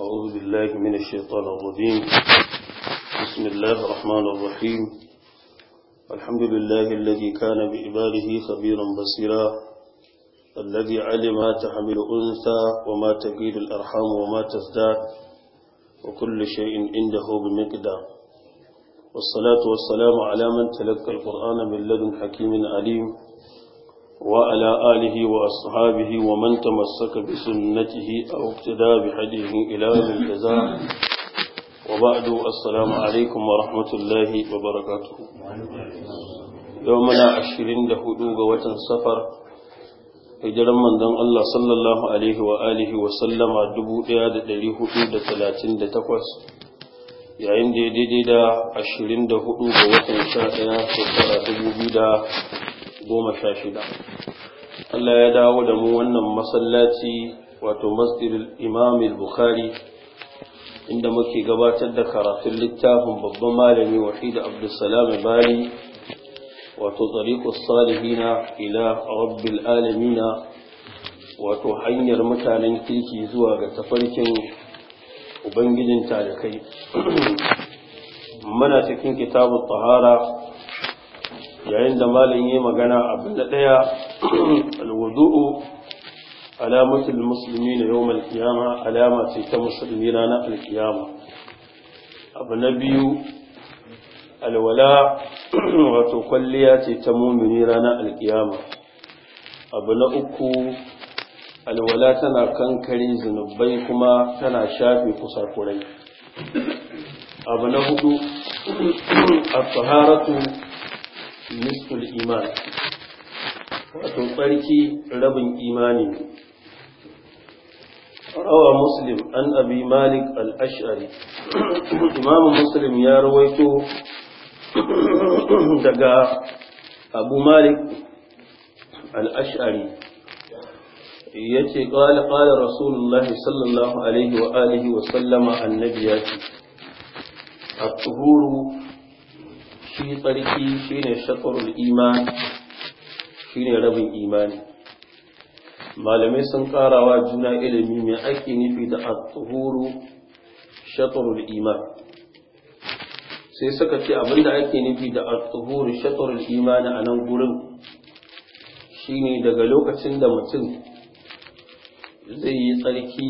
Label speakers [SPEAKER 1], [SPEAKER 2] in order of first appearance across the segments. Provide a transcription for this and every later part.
[SPEAKER 1] أعوذ بالله من الشيطان الرجيم بسم الله الرحمن الرحيم الحمد لله الذي كان بإباده خبيرا بصيرا الذي علم ما تحمل أنثى وما تقيل الأرحام وما تزداد وكل شيء عنده بمقدار والصلاة والسلام على من تلقى القرآن من لدن حكيم عليم وعلى آله وأصحابه ومن تمسك بسنته أو اقتدى بهديه إلى الجزاء وبعد السلام عليكم ورحمة الله وبركاته يومنا عشرين دهدوغ وتن سفر hijiran manzon Allah sallallahu alaihi wa alihi wa sallama 1438 yayin da ya daidai da 24 ga watan 11 shekara goma sha shida Allah ya dawo da mu wannan masallaci wato masjidil imam bukhari inda muke gabatar da karatun littafin babban malami wahid abdussalam bari wato tsariƙus salihina ila rabbil alamina wato hanyar mutanen kirki zuwa ga tafarkin ubangijin talakai. mana cikin kitabun tahara yayin da malin yi magana abu da ɗaya alwudu'u alamatul musulmi na yau malkiyama alama ce ta musulmi na alkiyama abu na biyu alwala wato kwalliya ce ta mumini rana alkiyama abu na uku alwala tana kankare zunubai kuma tana shafe kusa kurai. abu na hudu a taharatu nisful iman wato tsarki rabin imani rawa muslim an abi malik al-ash'ari imamu muslim ya rawaito daga abu malik al-ash'ari ya ce ƙala ƙala rasulullah sallallahu alaihi wa alihi wa sallama annabi ya ce a tuhuru shi tsarki shine shatrul iman ne rabin imani malamai sun karawa juna ilimi mai ake nufi da at-tuhuru iman sai suka ce abinda ake nufi da at-tuhuru imani a nan gurin ne daga lokacin da mutum zai yi tsarki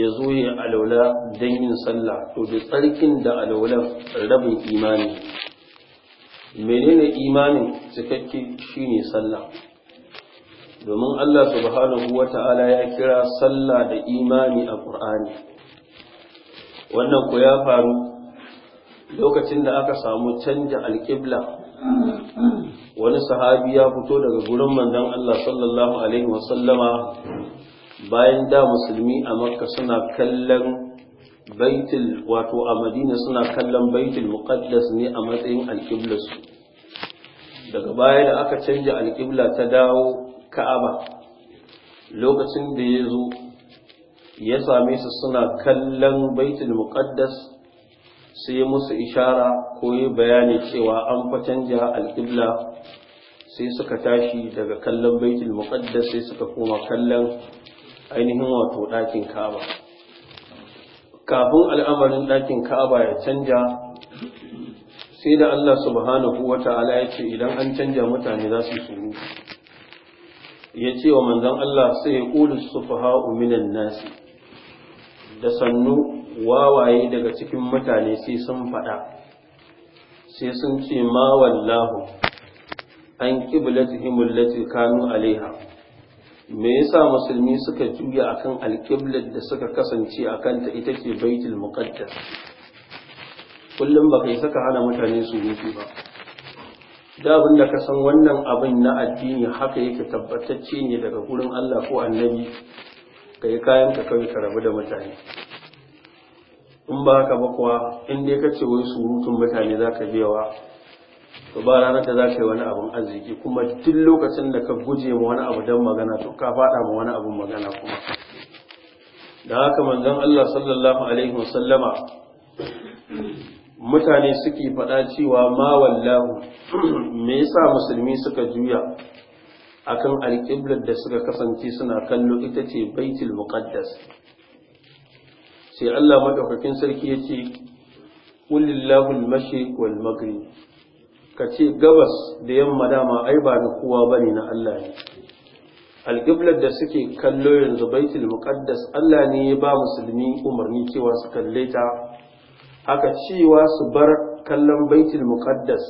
[SPEAKER 1] ya zo ya alaula don yin sallah to da tsarkin da alaulan rabin imani menene imanin cikakke shine sallah domin Allah subhanahu wata'ala ya kira sallah da imani a Qur'ani wannan ko ya faru lokacin da aka samu canja alƙibla wani sahabi ya fito daga gurin manzon Allah sallallahu alaihi wasallama bayan da musulmi a makka suna kallon baitul wato a madina suna kallon baitul muqaddas ne a matsayin alƙiblarsu daga baya da aka canja alƙibla ta dawo ka'aba lokacin da ya zo ya same su suna kallon baitul muqaddas sai musu ishara ko yi bayani cewa an fa canja alƙibla sai suka tashi daga kallon baitul muqaddas sai suka koma kallon ainihin wato ɗakin ka'aba kafin al'amarin ɗakin ka'aba ya canja sai da Allah subhanahu wa ta'ala ya ce idan an canja mutane za su suru ya ce wa manzan Allah sai ya su sufaha uminan nasi da sannu wawaye daga cikin mutane sai sun faɗa sai sun ce ma wallahu an ƙiblatihim allati kanu alaiha me yasa musulmi suka juya akan alƙiblar da suka kasance a kanta ita ce baitul muqaddas kullum ba kai saka hana mutane su rufe ba da abin da ka san wannan abin na addini haka yake tabbatacce ne daga gurin Allah ko annabi ka yi kayan ka kawai ka rabu da mutane in ba haka ba kuwa in dai ka ce wai surutun mutane za ka wa. to ba ranar da za ka yi wani abun arziki kuma duk lokacin da ka guje ma wani abu don magana to ka faɗa ma wani abun magana kuma da haka manzon Allah sallallahu alaihi wasallama mutane suke faɗa cewa ma wallahu me yasa musulmi suka juya akan alƙiblar da suka kasance suna kallo ita ce baitul muqaddas sai Allah madaukakin sarki yace lillahi al-mashriq wal maghrib ka ce gabas da yamma dama ai ba na kowa ba ne na Allah ne alƙiblar da suke kallo yanzu baitul muqaddas Allah ne ya ba musulmi umarni cewa su kalle ta haka cewa su bar kallon baitul muqaddas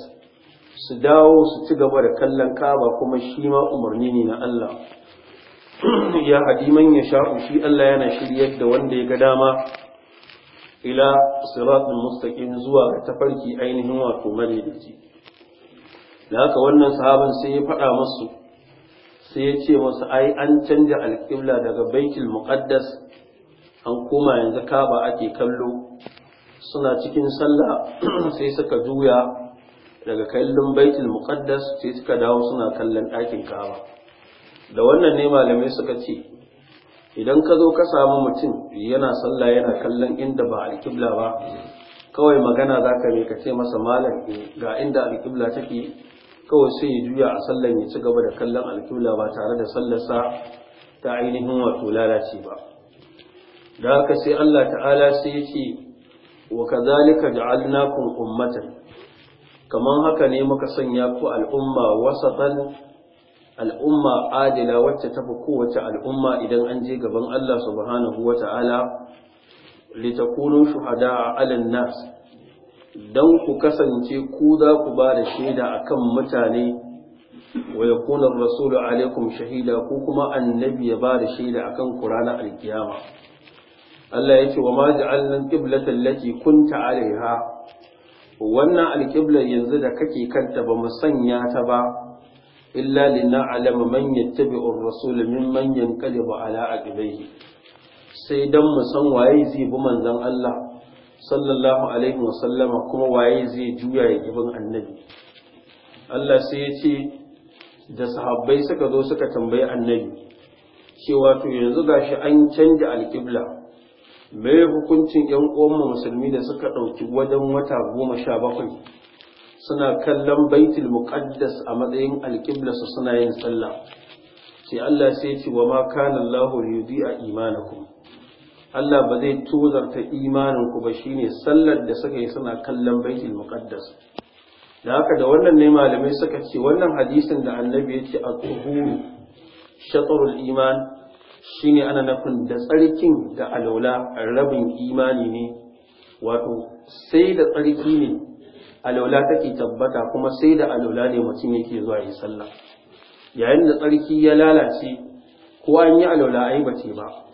[SPEAKER 1] su dawo su ci gaba da kallon kaba kuma shi ma umarni ne na Allah ya hadiman ya sha'u shi Allah yana shiryar da wanda ya ga dama ila siratul mustaqim zuwa ga tafarki ainihin wato madaidaici da haka wannan sahaban sai ya faɗa masu sai ya ce masu ai an canja alƙibla daga baitul muqaddas an koma yanzu kaba ake kallo suna cikin sallah sai suka juya daga kallon baitul muqaddas sai suka dawo suna kallon ɗakin kaba da wannan ne malamai suka ce idan ka zo ka samu mutum yana sallah yana kallon inda ba alƙibla ba kawai magana za ka ka ce masa malam ga inda alƙibla take kawai sai ya juya a sallan ya ci gaba da kallon alƙibla ba tare da sallarsa ta ainihin wato lalace ba da haka sai Allah ta'ala sai ya ce wa kadhalika ja'alnakum ummatan kaman haka ne muka sanya ku al'umma wasatan al'umma adila wacce tafi kowace al'umma idan an je gaban Allah subhanahu ta'ala litakunu shuhada 'alan nas don ku kasance ku za ku ba da shaida a kan mutane wa yakuna rasulu alaikum shahida ko kuma annabi ya ba da shaida a kan ranar alkiyama Allah ya ce wa ma ja'alna qiblata allati kunta alaiha wannan alƙiblar yanzu da kake kanta ba mu sanya ta ba illa lin'alama man rasulu ar-rasul mimman ba ala aqibaihi sai don mu san waye zai bi manzon Allah sallallahu alaihi wasallama kuma waye zai juya ya gibin annabi Allah sai ya ce da sahabbai suka zo suka tambayi annabi cewa to yanzu gashi an canja alƙibla Me hukuncin ‘yan uwanmu musulmi da suka ɗauki wajen wata goma sha bakwai suna kallon baitul muqaddas a matsayin alƙibla su suna yin sallah sai Allah sai ya ce wa ma kana Allahu yudi'a imanakum Allah ba zai tozarta imanin ku ba shine sallar da suka yi suna kallon baitul muqaddas da haka da wannan ne malamai suka ce wannan hadisin da annabi ya ce a tuhuru shatrul iman ne ana nufin da tsarkin da alaula rabin imani ne wato sai da tsarki ne alaula take tabbata kuma sai da alaula ne mutum yake zuwa yi sallah yayin da tsarki ya lalace ko an yi alaula ai bace ba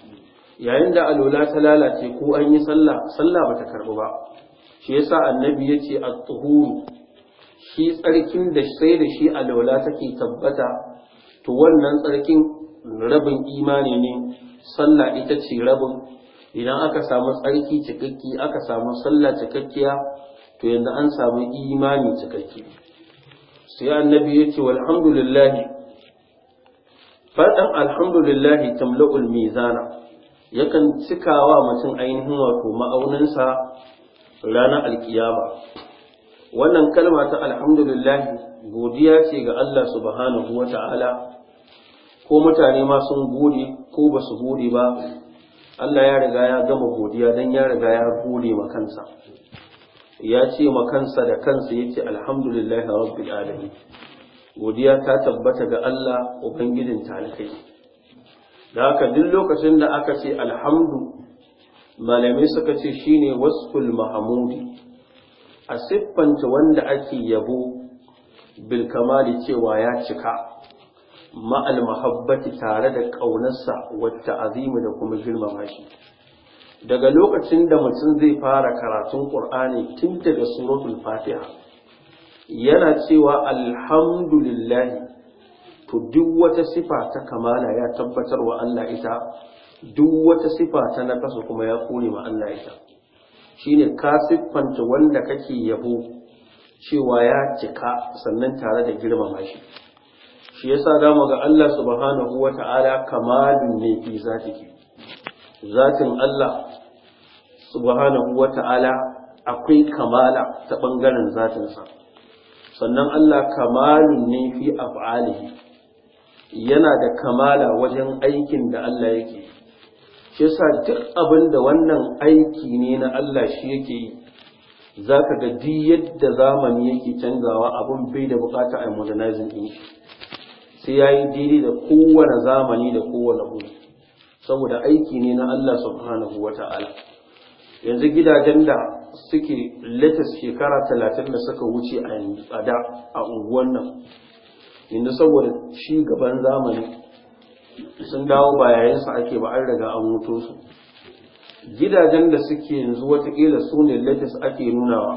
[SPEAKER 1] yayin da alola ta lalace ko an yi sallah sallah bata karbu ba shi yasa annabi ya ce at-tuhuru shi tsarkin da sai da shi alola take tabbata to wannan tsarkin rabin imani ne sallah ita ce rabin idan aka samu tsarki cikakki aka samu sallah cikakkiya to yanzu an samu imani cikakki sai annabi ya ce walhamdulillahi faɗan alhamdulillahi tamla'ul mizana yakan cikawa mutum ainihin wato ma'auninsa ranar alkiyama wannan kalma ta alhamdulillah godiya ce ga Allah subhanahu wa ta'ala ko mutane ma sun gode ko ba su gode ba Allah ya riga ya gama godiya don ya riga ya gode ma kansa ya ce ma kansa da kansa ya ce alhamdulillah rabbil alamin godiya ta tabbata ga Allah ubangijin talikai da haka duk lokacin da aka ce alhamdu malamai suka ce shine wasful mahamudi a siffanta wanda ake yabo bil kamali cewa ya cika ma'al mahabbati tare da ƙaunarsa wata azimi da kuma girmama shi daga lokacin da mutum zai fara karatun ƙur'ani tun daga suratul fatiha yana cewa alhamdulillahi to duk wata sifa ta kamala ya tabbatar wa Allah ita duk wata sifa ta naƙasa kuma ya kone wa Allah ita shine ka siffanta wanda kake yabo cewa ya cika sannan tare da girmama shi shi yasa zamu ga Allah subhanahu wata'ala kamalin ne fi zatihi zatin Allah subhanahu wata'ala akwai kamala ta bangaren zatinsa sannan Allah kamalun ne fi af'alihi yana da kamala wajen aikin da Allah yake shi yasa duk abin da wannan aiki ne na Allah shi yake yi zaka ga duk yadda zamani yake canzawa abin bai da bukata a modernizing din shi sai yayi daidai da kowane zamani da kowane hudu, saboda aiki ne na Allah subhanahu wata'ala yanzu gidajen da suke latest shekara talatin da suka wuce a da a unguwan nan inda saboda shi gaban zamani sun dawo ba yayinsa ake ba an riga an mutu su gidajen da suke yanzu watakila su ne latest ake nunawa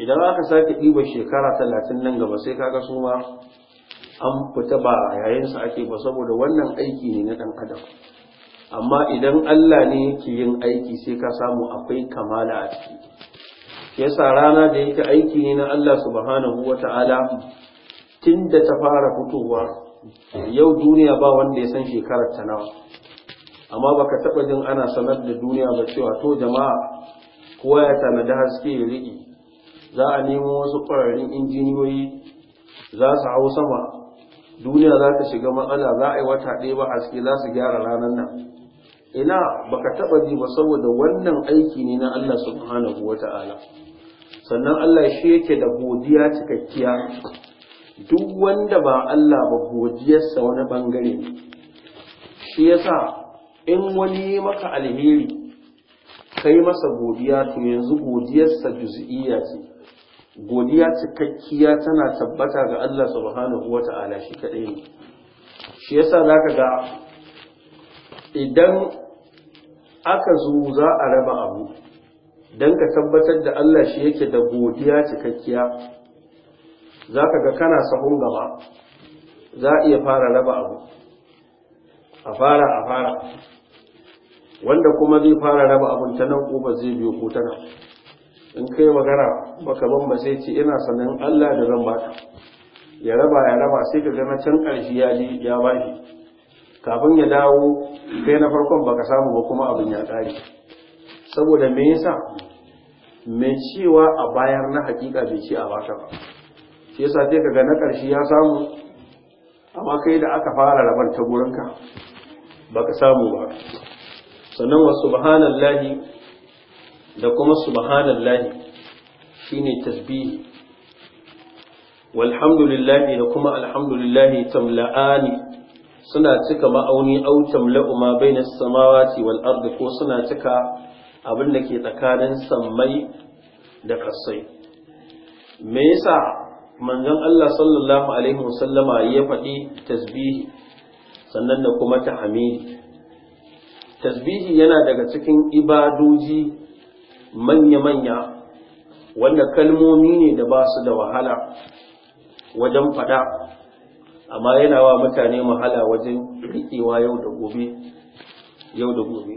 [SPEAKER 1] idan aka sake ɗiba shekara talatin nan gaba sai kaga su ma an fita ba yayinsa ake ba saboda wannan aiki ne na ɗan adam amma idan Allah ne yake yin aiki sai ka samu akwai kamala a ciki yasa rana da yake aiki ne na Allah subhanahu wata'ala tun da ta fara fitowa yau duniya ba wanda ya san shekarar ta nawa amma baka taba jin ana sanar da duniya ba cewa to jama'a kowa ya tanada haske ya riƙe za a nemo wasu ƙwararrun injiniyoyi za su hau sama duniya za ta shiga matsala za a yi wata ɗaya ba haske za su gyara ranar nan ina baka taɓa ji ba saboda wannan aiki ne na Allah subhanahu wa ta'ala sannan Allah shi yake da godiya cikakkiya duk wanda ba Allah ba godiyarsa wani bangare shi yasa in wani maka alheri kai masa godiya to yanzu godiyarsa juz'iyya ce godiya cikakkiya tana tabbata ga Allah subhanahu wata'ala shi kadai ne shi yasa zaka ga idan aka zo za a raba abu don ka tabbatar da Allah shi yake da godiya cikakkiya za ka ga kana sahun gaba za a iya fara raba abu a fara a fara wanda kuma zai fara raba abun ta nan ƙofa zai biyo ko ta nan in kai magana baka ban ba sai ce ina sanin Allah da zan baka ya raba ya raba sai ka gana can ƙarshe ya ji ya bashi kafin ya dawo kai na farkon baka samu ba kuma abin ya ƙare saboda me yasa mai cewa a bayar na hakika bai ce a baka ba shi yasa sai kaga na ƙarshe ya samu amma kai da aka fara rabar ta gurinka baka samu ba sannan wa subhanallahi da kuma subhanallahi shine tasbihi walhamdulillahi da kuma alhamdulillahi tamla'ani suna cika ma'auni au tamla'u ma baina samawati wal ardi ko suna cika abin da ke tsakanin sammai da kasai me yasa manzon Allah sallallahu alaihi wasallama ya faɗi tasbihi sannan da kuma tahmidi tasbihi yana daga cikin ibadoji manya-manya wanda kalmomi ne da ba su da wahala wajen faɗa amma yana wa mutane wahala wajen riƙewa yau da gobe yau da gobe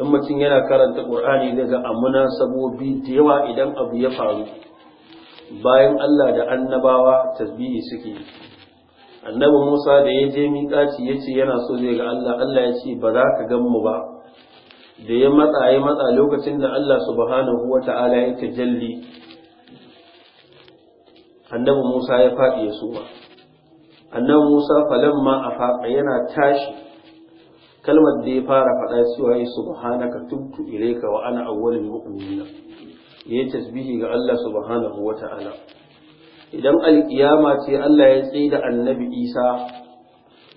[SPEAKER 1] in mutum yana karanta ƙur'ani daga amuna sabobi da yawa idan abu ya faru bayan Allah da annabawa tasbihi suke annabi Musa da ya je miƙaci ya ce yana so zai ga Allah Allah ya ce ba za ka gan mu ba da ya matsa ya matsa lokacin da Allah subhanahu wa ta'ala ya tajalli annabi Musa ya faɗi ya suma annabi Musa falamma faɗa yana tashi kalmar da ya fara faɗa cewa ya subhanaka tubtu ilayka wa ana awwalul mu'minin ya tasbihi ga Allah subhanahu wa ta'ala idan alkiyama ce Allah ya tsaye da annabi Isa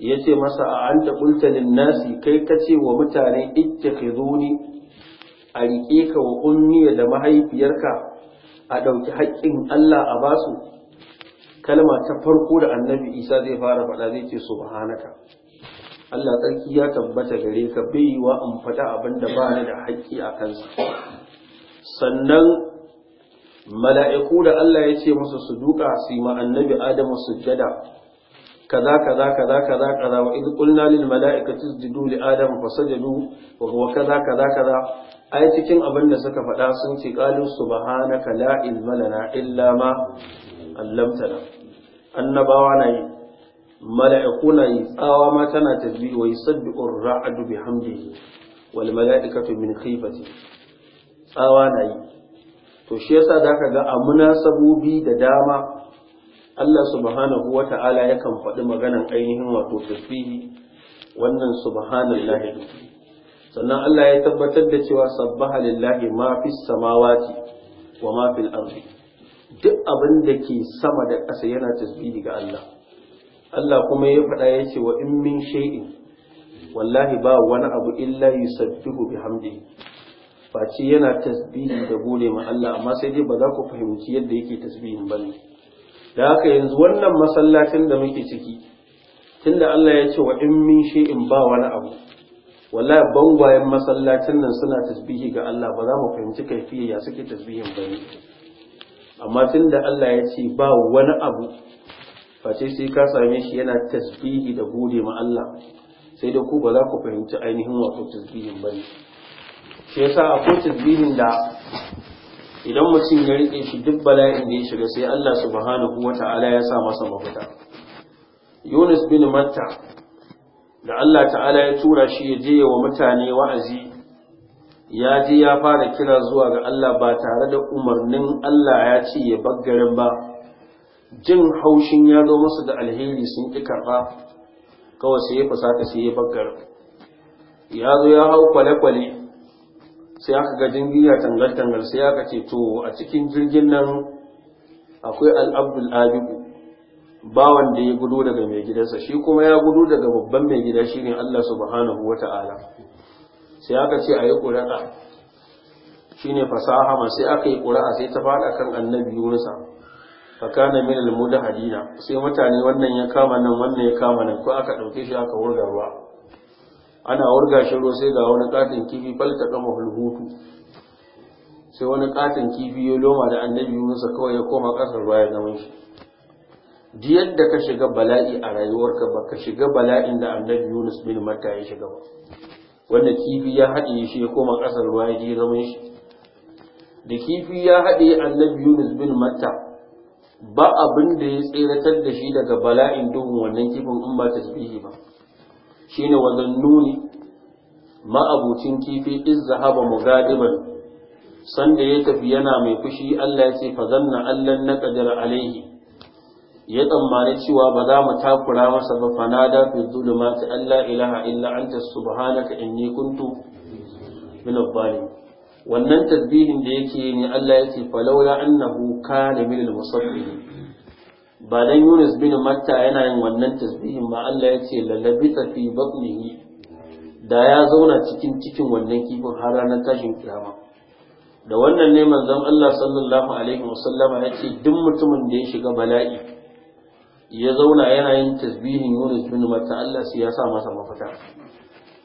[SPEAKER 1] ya ce masa a an taɓulta nasi kai ka ce wa mutane ni, a riƙe ka wa ummiya da mahaifiyarka a ɗauki haƙƙin Allah a basu kalma ta farko da annabi Isa zai fara faɗa zai ce subhanaka Allah tsarki ya tabbata gare ka bai wa in faɗa abin da ba da haƙƙi a kansa sannan mala'iku da Allah ya ce masa su duka su yi annabi Adamu sujjada kaza kaza kaza kaza kaza wa idh qulna lil mala'ikati isjudu li adam fasajadu wa huwa kaza kaza kaza ai cikin abin da suka faɗa sun ce qalu subhanaka la ilma lana illa ma 'allamtana annabawa na yi mala'iku na yi tsawa ma tana tasbih wa yusabbihu ar-ra'du bihamdihi wal mala'ikatu min khifati tsawa na yi to shi yasa da ka ga a munasabobi da dama Allah subhanahu wa ta'ala yakan faɗi maganan ainihin wato tasbihi wannan subhanallahi sannan Allah ya tabbatar da cewa sabbaha lillahi ma fi samawati wa ma fil ardi duk abin da ke sama da ƙasa yana tasbihi ga Allah Allah kuma ya faɗa ya ce wa in min shay'in wallahi ba wani abu illa yusabbihu bihamdihi face yana tasbihi da gode ma Allah amma sai dai ba za ku fahimci yadda yake tasbihin ba ne da haka yanzu wannan masallacin da muke ciki tunda Allah ya ce wa in min shay'in ba wani abu wallahi bangwayen masallacin nan suna tasbihi ga Allah ba za mu fahimci kaifiyar ya suke tasbihin ba ne amma tunda Allah ya ce ba wani abu face sai ka same shi yana tasbihi da gode ma Allah sai dai ku ba za ku fahimci ainihin wato tasbihin ba ne shi yasa kotun dinin da idan mutum ya rike shi duk bala'in da ya shiga sai Allah subhanahu Ta'ala ya sa masa mafita Yunus bin Matta da Allah ta'ala ya tura shi ya je wa mutane wa'azi ya je ya fara kira zuwa ga Allah ba tare da umarnin Allah ya ce ya baggarin ba jin haushin ya zo masa da alheri sun ƙi karɓa kawai sai ya fasata sai ya baggar ya zo ya hau kwale-kwale sai aka ga jirgiya tangal-tangal sai aka ce to a cikin jirgin nan akwai al'abdul abiku bawan da ya gudu daga mai gidansa shi kuma ya gudu daga babban mai gida shi ne Allah subhanahu wa ta'ala sai aka ce a yi ƙura'a shi ne fasaha ma sai aka yi ƙura'a sai ta faɗa kan annabi yunusa fakana min al-mudahadina sai mutane wannan ya kama nan wannan ya kama nan ko aka ɗauke shi aka wurga ruwa ana warga shi ruwa sai ga wani katin kifi falta kama hulhutu sai wani katin kifi ya loma da annabi Musa kawai ya koma kasar ruwa ya zama shi duk yadda ka shiga bala'i a rayuwarka ba ka shiga bala'in da annabi Yunus bin Matta ya shiga ba wanda kifi ya haɗe shi ya koma ƙasar ruwa ya je zaman shi da kifi ya haɗe annabi Yunus bin Matta ba abin da ya tseratar da shi daga bala'in duhun wannan kifin in ba tasbihi ba shine wannan nuni ma'abucin kifi iz zahaba mugadiban sanda ya tafi yana mai fushi Allah ya ce fa zanna na naqdir alaihi ya tsammani cewa ba za mu takura masa ba fanada fi zulumati Allah ilaha illa anta subhanaka inni kuntu min wannan tasbihin da yake ne Allah ya ce falawla annahu kana min al-musabbihin ba dan Yunus bin Matta yana yin wannan tasbihin ma Allah ya ce lalabita fi batnihi da ya zauna cikin cikin wannan kifin har ranar tashin kiyama da wannan ne manzon Allah sallallahu alaihi wasallama ya ce duk mutumin da ya shiga bala'i ya zauna yana yin tasbihin Yunus bin Matta Allah sai ya sa masa mafita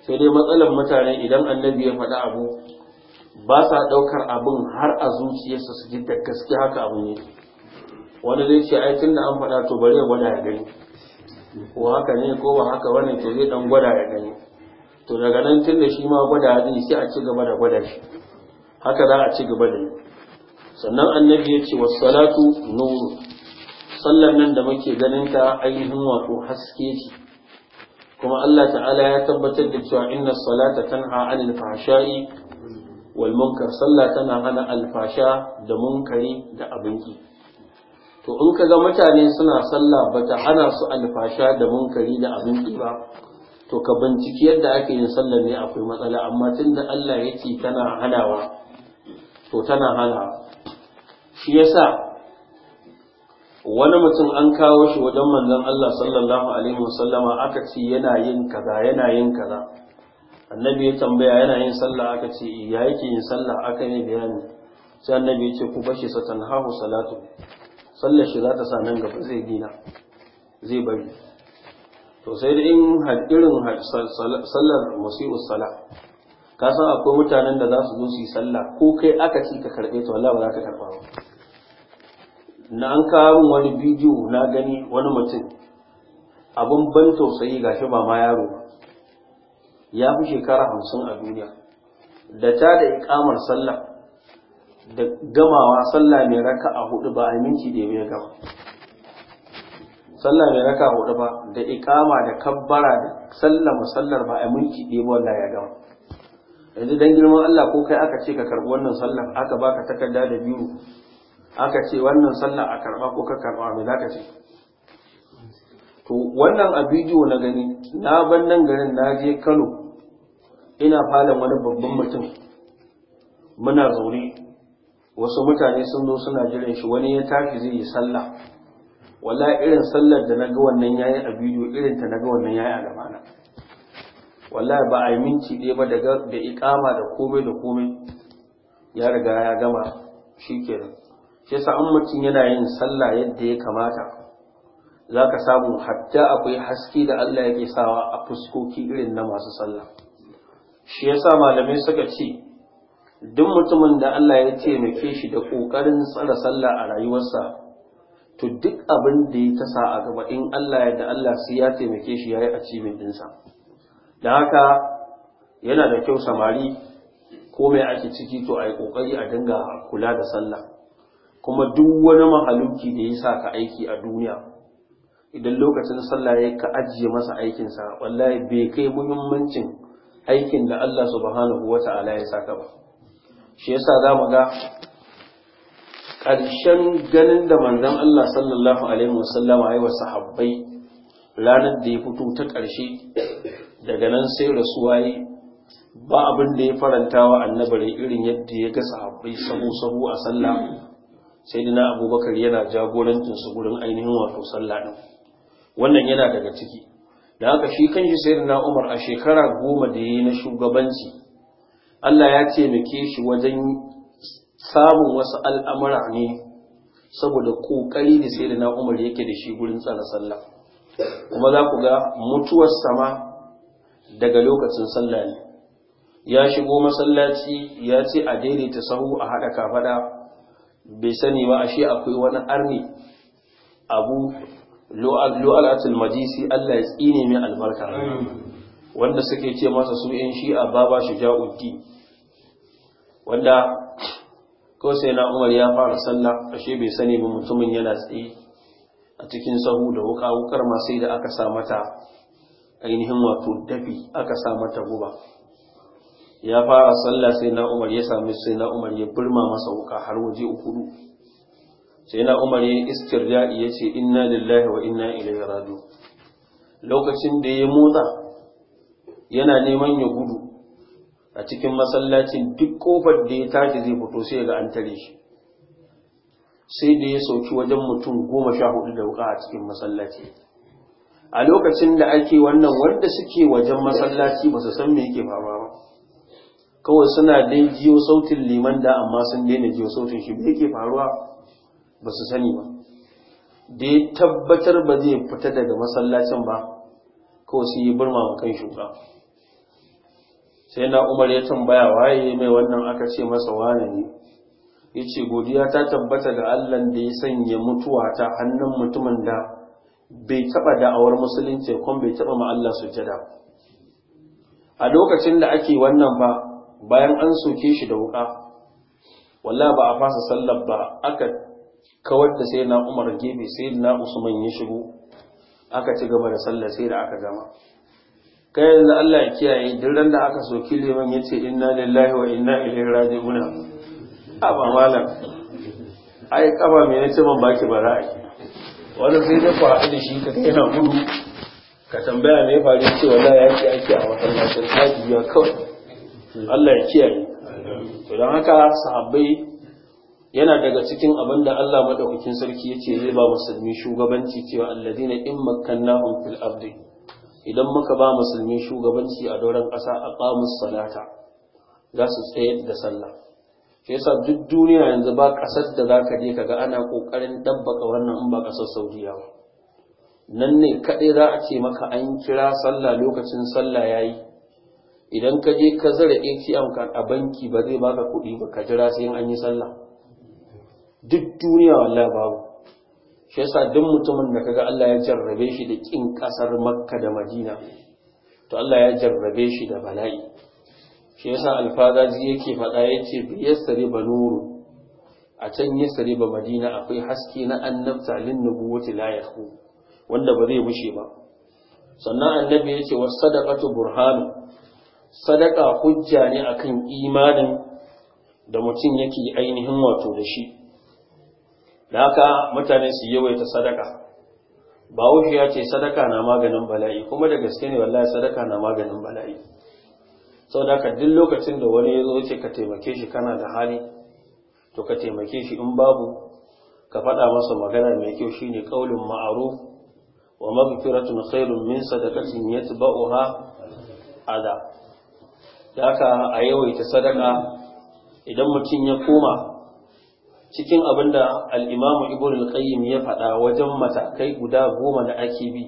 [SPEAKER 1] sai dai matsalar mutane idan annabi ya faɗi abu ba sa ɗaukar abin har a zuciyarsa su ji da gaske haka abu ne wani zai ce ai tunda an faɗa to bari ya gwada ya gani ko haka ne ko ba haka wannan to zai dan gwada ya gani to daga nan tunda shi ma gwada zai sai a ci gaba da gwada shi haka za a ci gaba da yi sannan annabi ya ce wassalatu nuru Sallar nan da muke ganin ta ainihin wato haske ce kuma Allah ta'ala ya tabbatar da cewa inna salata tanha anil fahsha'i wal munkar sallah tana hana alfasha da munkari da abinki to in ka ga mutane suna sallah ba ta hana su alfasha da munkari da abin ba to ka binciki yadda ake yin sallar ne akwai matsala amma tunda Allah ya ce tana hanawa to tana hana shi yasa wani mutum an kawo shi wajen manzon Allah sallallahu alaihi wasallama aka ce yana yin kaza yana yin kaza annabi ya tambaya yana yin sallah aka ce ya yake yin sallah aka yi bayani sai annabi ya ce ku bashi hahu salatu sallar shi za ta sa nan gaba zai gina zai bari to sai da in irin sallar musu sala ka san akwai mutanen da za su zo su yi sallah ko kai aka ci ka karɓe ta Allah ba za ka karɓa ba na an kawo wani bidiyo na gani wani mutum abin ban tausayi ga shi ba ma yaro ya fi shekara hamsin a duniya da ta da ikamar sallah da gamawa sallah mai raka a hudu ba a minti da ya gama sallah mai raka a hudu ba da ikama da kabbara da sallah musallar ba a minti da wanda ya gama yanzu dan girman Allah ko kai aka ce ka karbi wannan sallah, aka baka takarda da biyu aka ce wannan sallah a karba ko ka karba me zaka ce to wannan a bidiyo na gani na ban nan garin na je Kano ina falon wani babban mutum muna zaune wasu mutane sun zo suna jiran shi wani ya tashi zai yi sallah walla irin sallar da naga wannan yayi a bidiyo irin ta naga wannan yayi a gabana walla ba a yi minti ɗaya ba daga da iqama da komai da komai ya riga ya gama shikenan shi yasa an mutum yana yin sallah yadda ya kamata za ka samu hatta akwai haske da Allah yake sawa a fuskoki irin na masu sallah shi yasa malamai suka ce duk mutumin da Allah ya taimake shi da ƙoƙarin tsara sallah a rayuwarsa to duk abin da ya ta sa a gaba in Allah ya da Allah sai ya taimake shi yayi achievement dinsa? da haka yana da kyau samari ko mai ake ciki to a yi ƙoƙari a dinga kula da sallah kuma duk wani mahaluki da ya sa ka aiki a duniya idan lokacin sallah ya ka ajiye masa aikinsa wallahi bai kai muhimmancin aikin da Allah subhanahu wata'ala ya saka ba shi yasa za mu ga ƙarshen ganin da manzon Allah sallallahu alaihi wasallama ya sahabbai ranar da ya fito ta ƙarshe daga nan sai rasuwa yi ba abin da ya faranta wa annabare irin yadda ya ga sahabbai sabo sabo a sallah sai dina abubakar yana jagorancin su gurin ainihin wato sallah din wannan yana daga ciki da haka shi kan kanshi sai na umar a shekara goma da ya yi na shugabanci Allah ya taimake shi wajen samun wasu al'amura ne saboda ƙoƙari da sai da na umar yake da shi gurin tsara sallah kuma za ku ga mutuwar sama daga lokacin sallah ne ya shigo masallaci ya ce a daidaita sahu a haɗa kafaɗa bai sani ba ashe akwai wani arni abu lo'al atul majisi Allah ya tsine mai albarka wanda suke ce masa su ‘yan shi'a baba shuja'uddi wanda ko sai na umar ya fara sallah ashe bai sani ba mutumin yana tsaye a cikin sahu da wuka wukar ma sai da aka sa mata ainihin wato dafi aka sa mata guba ya fara sallah sai na umar ya sami sai na umar ya birma masa wuka har waje uku sai na umar ya istirja ya ce inna lillahi wa inna ilaihi raji'un lokacin da ya motsa yana neman ya gudu a cikin masallacin duk kofar da ya tashi zai fito sai ga an tare shi sai da ya sauki wajen mutum goma sha hudu da wuka a cikin masallaci a lokacin da ake wannan wanda suke wajen masallaci ba su san me yake faruwa ba kawai suna dai jiyo sautin liman da amma sun daina jiyo sautin shi me yake faruwa ba su sani ba da ya tabbatar ba zai fita daga masallacin ba kawai sai ya burma ma kan shuka sai na umar ya tambaya waye mai wannan aka ce masa wane ne ya ce godiya ta tabbata da allan da ya sanya mutuwa ta hannun mutumin da bai taɓa da'awar musulunci kuma bai taɓa ma allah jada. a lokacin da ake wannan ba bayan an soke shi da wuka walla ba a fasa sallar ba aka kawar da sai na umar gefe sai na usman ya shigo aka ci gaba da sallar sai da aka gama kai yanzu Allah ya kiyaye duk ran da aka soki liman yace inna lillahi wa inna ilaihi raji'un a ba malam ai kaba me ce man baki bara'i wani sai da ku shi ka kai gudu ka tambaya me faru ce wallahi ya ki aiki a masallacin haji ya kawai Allah ya kiyaye to dan haka sahabbai yana daga cikin abin da Allah madaukakin sarki yace zai ba musulmi shugabanci cewa alladina in makkannahum fil ardi idan muka ba musulmi shugabanci a doron ƙasa a ƙamus salata za su tsaye da sallah shi yasa duk duniya yanzu ba ƙasar da za ka je ka ga ana ƙoƙarin ɗabbaka wannan in ba ƙasar saudiya ba nan ne kaɗai za a ce maka an kira sallah lokacin sallah ya yi idan ka je ka zara atm ka a banki ba zai baka kuɗi ba ka jira sai an yi sallah duk duniya wallahi babu shi yasa duk mutumin da kaga Allah ya jarrabe shi da kin kasar Makka da Madina to Allah ya jarrabe shi da bala'i shi yasa alfadaji yake faɗa yace bi yasri banuru a can yasri ba Madina akwai haske na annabta lin nubuwati la yahu wanda ba zai bushe ba sannan annabi yace was sadaqatu burhanu sadaqa hujja ne akan imanin da mutum yake ainihin wato da shi da haka mutane su yawaita sadaka ba wuce ya ce sadaka na maganin bala'i kuma da gaske ne wallahi sadaka na maganin bala'i sau da duk lokacin da wani ya zo ce ka taimake shi kana da hali to ka taimake shi in babu ka faɗa masa magana mai kyau shine kaulin ma'aru wa mafifiratun khairun min sadaqatin ha a da haka a yawaita sadaka idan mutum ya koma cikin abin da al'imamu ibn al ya faɗa wajen matakai guda goma da ake bi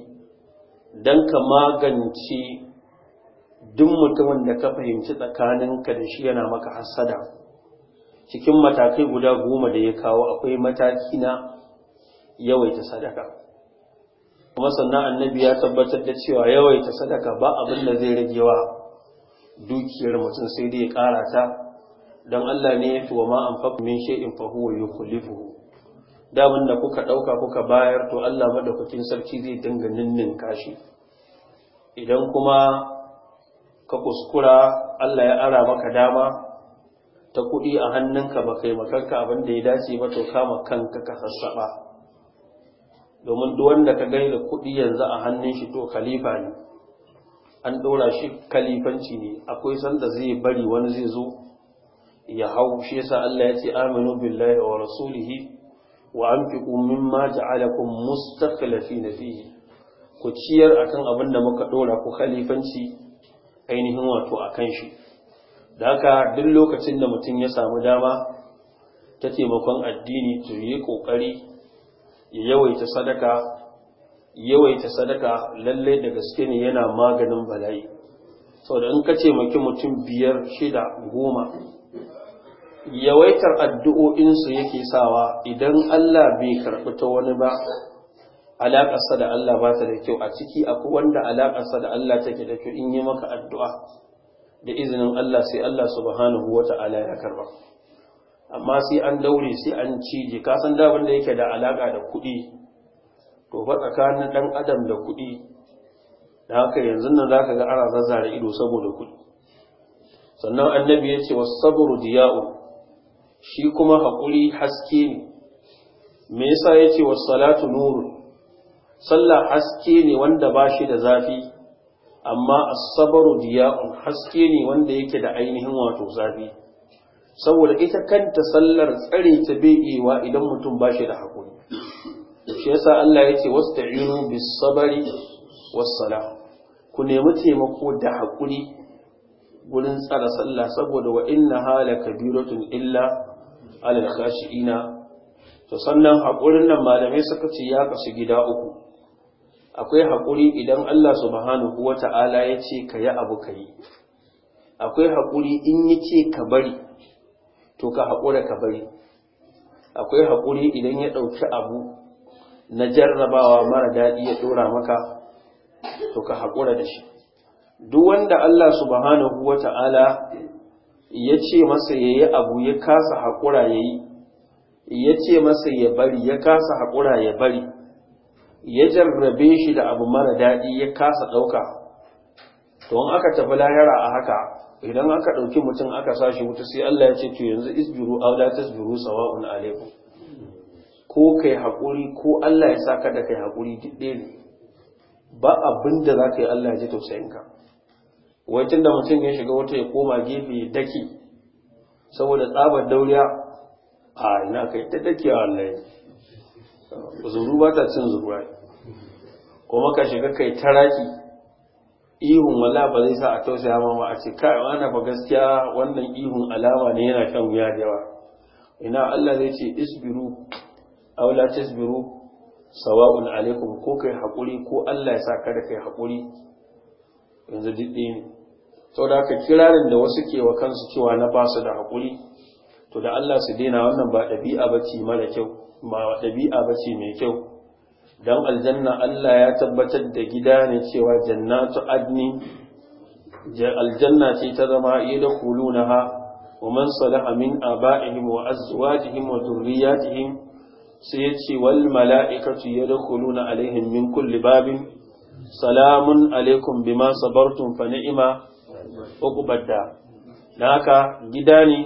[SPEAKER 1] don ka magance duk mutumin da ka fahimci tsakanin ka da shi yana maka hassada cikin matakai guda goma da ya kawo akwai mataki na yawaita sadaka kuma sannan annabi ya tabbatar da cewa yawaita sadaka ba abin da zai ragewa dukiyar mutum sai dai ya ƙara ta dan Allah ne ya wa ma anfaqu min shay'in fa huwa yukhlifuhu da kuka ɗauka kuka bayar to Allah madaukakin sarki zai dinga ninnin kashi idan kuma ka kuskura Allah ya ara maka dama ta kuɗi a hannunka ba kai makanka abin da ya dace ba to kama kanka ka sassaɓa domin duk wanda ka gani da kuɗi yanzu a hannun shi to khalifa ne an ɗora shi kalifanci ne akwai sanda zai bari wani zai zo ya hau shi yasa Allah ya ce aminu billahi wa rasulihi wa anfiqu mimma ja'alakum na fihi ku ciyar akan abin da muka dora ku khalifanci ainihin wato akan shi da haka duk lokacin da mutum ya samu dama ta taimakon addini to yi kokari ya yawaita sadaka yawaita sadaka lalle da gaske ne yana maganin bala'i saboda in ka taimaki mutum biyar shida goma yawaitar addu'o'insu yake sawa idan Allah bai karɓi ta wani ba alaƙarsa da Allah ba ta da kyau a ciki akwai wanda alaƙarsa da Allah take da kyau in yi maka addu'a da izinin Allah sai Allah subhanahu wa ta'ala ya karba amma sai an daure sai an cije kasan da wanda yake da alaƙa da kuɗi to fa tsakanin ɗan adam da kuɗi da yanzu nan za ka ga ana da ido saboda kuɗi sannan annabi ya ce wasu saburu diya'u shi kuma haƙuri haske ne me yasa wa salatu nuru sallah haske ne wanda ba shi da zafi amma as-sabru diya'un haske ne wanda yake da ainihin wato zafi saboda ita kanta sallar tsare ta bai'ewa idan mutum ba shi da haƙuri shi yasa Allah yace wasta'inu bis-sabri was-salah ku nemi taimako da haƙuri gurin tsara sallah saboda wa inna hala kabiratun illa alal khashi'ina to sannan hakurin nan malamai suka ce ya kasu gida uku akwai haƙuri idan Allah subhanahu wata'ala ya ce ka yi abu kai akwai haƙuri in yi ce ka bari to ka haƙura ka bari akwai haƙuri idan ya ɗauki abu na jarrabawa mara daɗi ya ɗora maka to ka haƙura da shi duk wanda Allah subhanahu wata'ala ya ce masa ya yi abu ya kasa haƙura ya yi ya ce masa ya bari ya kasa haƙura ya bari ya jarrabe shi da abu mara daɗi ya kasa ɗauka to in aka tafi lahira a haka idan aka ɗauki mutum aka sa shi wuta sai Allah ya ce to yanzu isbiru aw la tasbiru sawa'un ala'iku. ko kai haƙuri ko Allah ya saka da kai haƙuri duk ɗaya ne ba abin da za ka yi Allah ya ji tausayinka wai da mutum ya shiga wata ya koma gefe ya dake saboda tsabar dauriya a ina kai ta dake a wallahi zuru ba ta cin zuru kuma ka shiga kai taraki ihun wala ba zai sa a tausaya ma a ce kai ana ba gaskiya wannan ihun alama ne yana shan wuya da yawa ina Allah zai ce isbiru aw la tasbiru sawa'un alaikum ko kai hakuri ko Allah ya sa kada kai hakuri yanzu diddi ne da haka kirarin da wasu ke wa kansu cewa na ba su da haƙuri to da Allah su daina wannan ba ɗabi'a ba ce mara kyau ba ɗabi'a ba ce mai kyau don aljanna Allah ya tabbatar da gida ne cewa jannatu adni aljanna ce ta zama iya da kulunaha ومن صلح من آبائهم وأزواجهم وذرياتهم سيأتي والملائكة يدخلون عليهم min كل باب salamun alaikum bima sabartum fa ni'ima uqbadda dan gida ne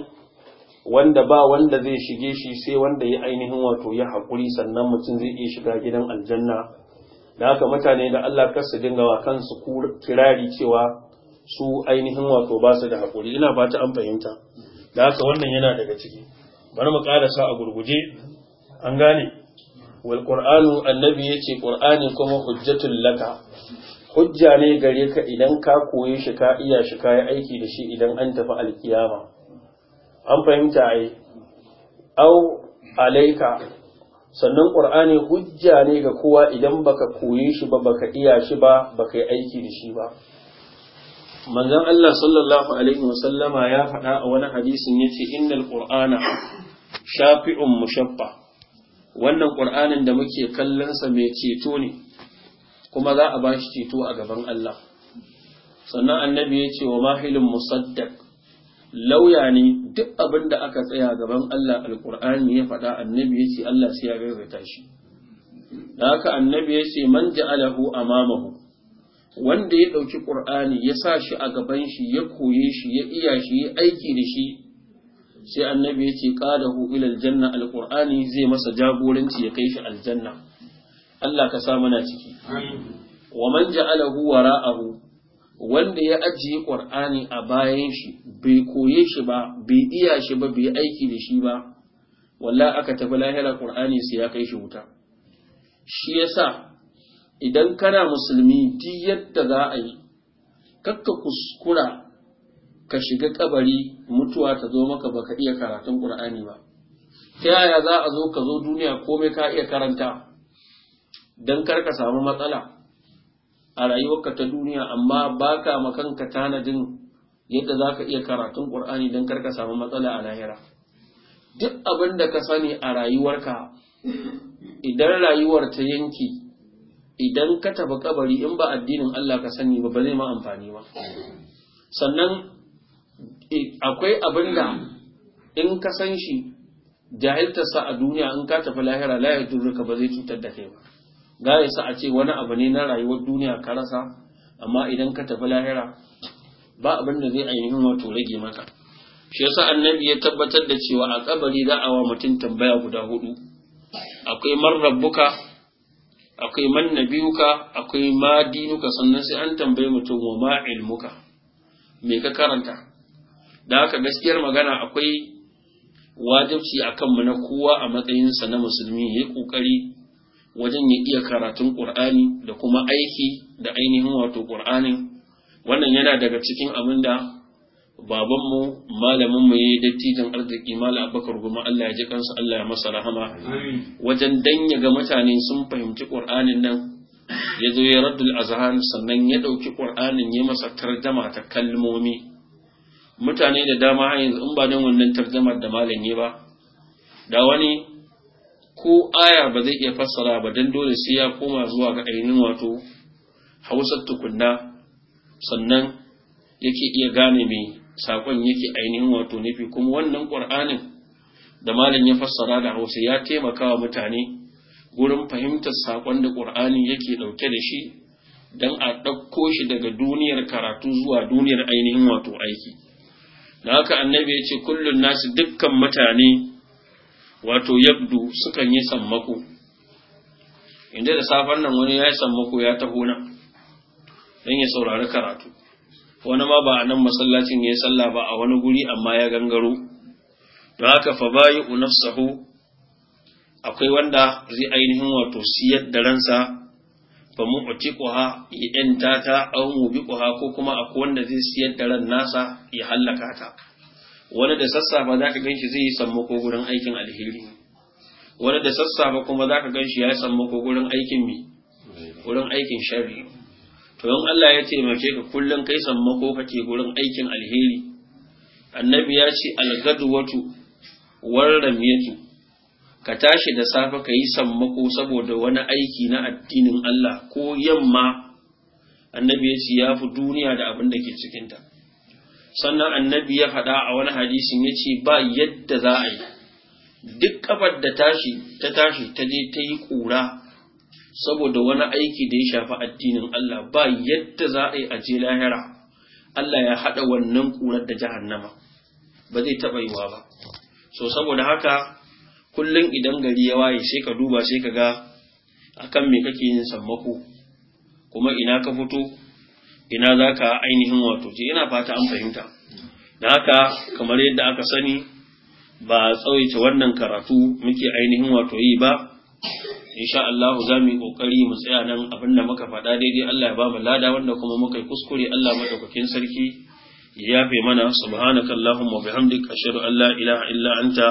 [SPEAKER 1] wanda ba wanda zai shige shi sai wanda ya ainihin wato ya haƙuri sannan mutum zai iya shiga gidan aljanna da mutane da Allah su dinga wa kansu kirari cewa su ainihin wato ba su da haƙuri ina bata an fahimta da wannan yana daga ciki bari mu ƙarasa a gurguje an gane Walƙur'anu Annabi annabi yace Ƙur'ani kuma hujjatun laka hujja ne gare ka idan ka koye shi ka iya shi ka yi aiki da shi idan an tafi alkiyama an fahimta ai au alaika sannan Ƙur'ani hujja ne ga kowa idan baka koye shi ba baka iya shi ba baka yi aiki da shi ba manzon Allah sallallahu alaihi wasallama ya faɗa a wani hadisin yace innal qur'ana shafi'un mushaffa wannan ƙur'anin da muke kallonsa mai ceto ne kuma za a ba shi ceto a gaban Allah sannan annabi ya ce wa mahilin musaddaq lauya ne duk abin da aka tsaya gaban Allah alƙur'ani ya faɗa annabi ya ce Allah sai ya gaggata shi da haka annabi ya ce man ja'alahu amamahu wanda ya ɗauki ƙur'ani ya sa shi a gaban shi ya koye shi ya iya shi ya aiki da shi sai annabi ya ce qadahu ila aljanna alqur'ani zai masa jagoranci ya kai shi aljanna Allah ka sa mana ciki wa man ja'alahu wara'ahu wanda ya ajiye qur'ani a bayan shi bai koye shi ba bai iya shi ba bai aiki da shi ba wallahi aka tafi lahira qur'ani sai ya kai shi wuta shi yasa idan kana musulmi duk yadda za a yi kakka kuskura ka shiga kabari mutuwa ta zo maka baka iya karatun ƙur'ani ba ta yaya za a zo ka zo duniya komai ka iya karanta don kar ka samu matsala a rayuwarka ta duniya amma ba baka makanka tanadin yadda za ka iya karatun ƙur'ani don kar ka samu matsala a lahira duk abin da ka sani a rayuwarka idan rayuwar ta yanki idan ka taɓa kabari in ba addinin Allah ka sani ba ba zai ma amfani ba sannan Eh, akwai abin da in ka san shi jahiltarsa a duniya in ka tafi lahira la ya durruka ba zai cutar da kai ba ga sa a ce wani abu ne na rayuwar duniya ka rasa amma idan ka tafi lahira ba abin da zai ainihin wato rage maka shi yasa annabi ya tabbatar da cewa a kabari za a wa mutum tambaya guda hudu akwai man akwai man nabiyuka akwai ma sannan sai an tambaye mutum wa ma ilmuka me ka karanta da haka gaskiyar magana akwai wajibci a kanmu na kowa a matsayinsa na musulmi ya yi ƙoƙari wajen ya iya karatun ƙur'ani da kuma aiki da ainihin wato ƙur'anin wannan yana daga cikin abin da babanmu malaminmu ya yi dattijan arziki malam abubakar goma Allah ya ji kansa Allah ya masa rahama wajen dan ya ga mutane sun fahimci ƙur'anin nan ya zo ya raddul azhan sannan ya ɗauki ƙur'anin ya masa tarjama ta kalmomi mutane da dama har yanzu in ba don wannan tarjamar da malam yi ba da wani ko aya ba zai iya fassara ba dan dole sai ya koma zuwa ga ainihin wato Hausa tukunna sannan yake iya gane mai sakon yake ainihin wato nufi kuma wannan ƙur'anin da malam ya fassara da hausa ya taimaka wa mutane gurin fahimtar sakon da ƙur'ani yake dauke da shi dan a ɗauko shi daga duniyar karatu zuwa duniyar ainihin wato aiki da haka annabi ya ce kullun nasu dukkan mutane wato yabdu sukan yi sammako inda da safar nan wani ya yi sammako ya taho na don ya saurari karatu wani ma ba a nan masallacin ya yi sallah ba a wani guri amma ya gangaro Da haka fa bayi unafsahu akwai wanda zai ainihin wato siyar da ransa fa mu'tiquha yan tata aw mubiquha ko kuma akwai wanda zai siyar da ran nasa ya halaka ta wani da sassafa zaka ganshi zai yi ko gurin aikin alheri wani da sassafa kuma zaka ganshi ya yi ko gurin aikin mi gurin aikin sharri to in Allah ya taimake ka kullun kai sammako kake gurin aikin alheri annabi ya ce algadwatu warramiyatu ka tashi da safe ka yi sammako saboda wani aiki na addinin Allah ko yamma annabi ya ce ya fi duniya da abin da ke cikinta sannan annabi ya faɗa a wani hadisin ya ce ba yadda za a yi duk kafar da tashi ta tashi ta je ta yi ƙura saboda wani aiki da ya shafi addinin Allah ba yadda za a yi a je lahira Allah ya haɗa wannan ƙurar da jahannama ba zai taɓa yiwa ba so saboda haka kullum idan gari ya waye sai ka duba sai ka ga akan me kake yin sammako kuma ina ka fito ina za ka ainihin wato ce ina fata an fahimta da haka kamar yadda aka sani ba tsawaita wannan karatu muke ainihin wato yi ba insha Allah za mu yi kokari mu tsaya nan abin da muka faɗa daidai Allah ya ba mu lada wanda kuma muka yi kuskure Allah madaukakin sarki ya yafe mana subhanakallahumma wa bihamdika ashhadu an la ilaha illa anta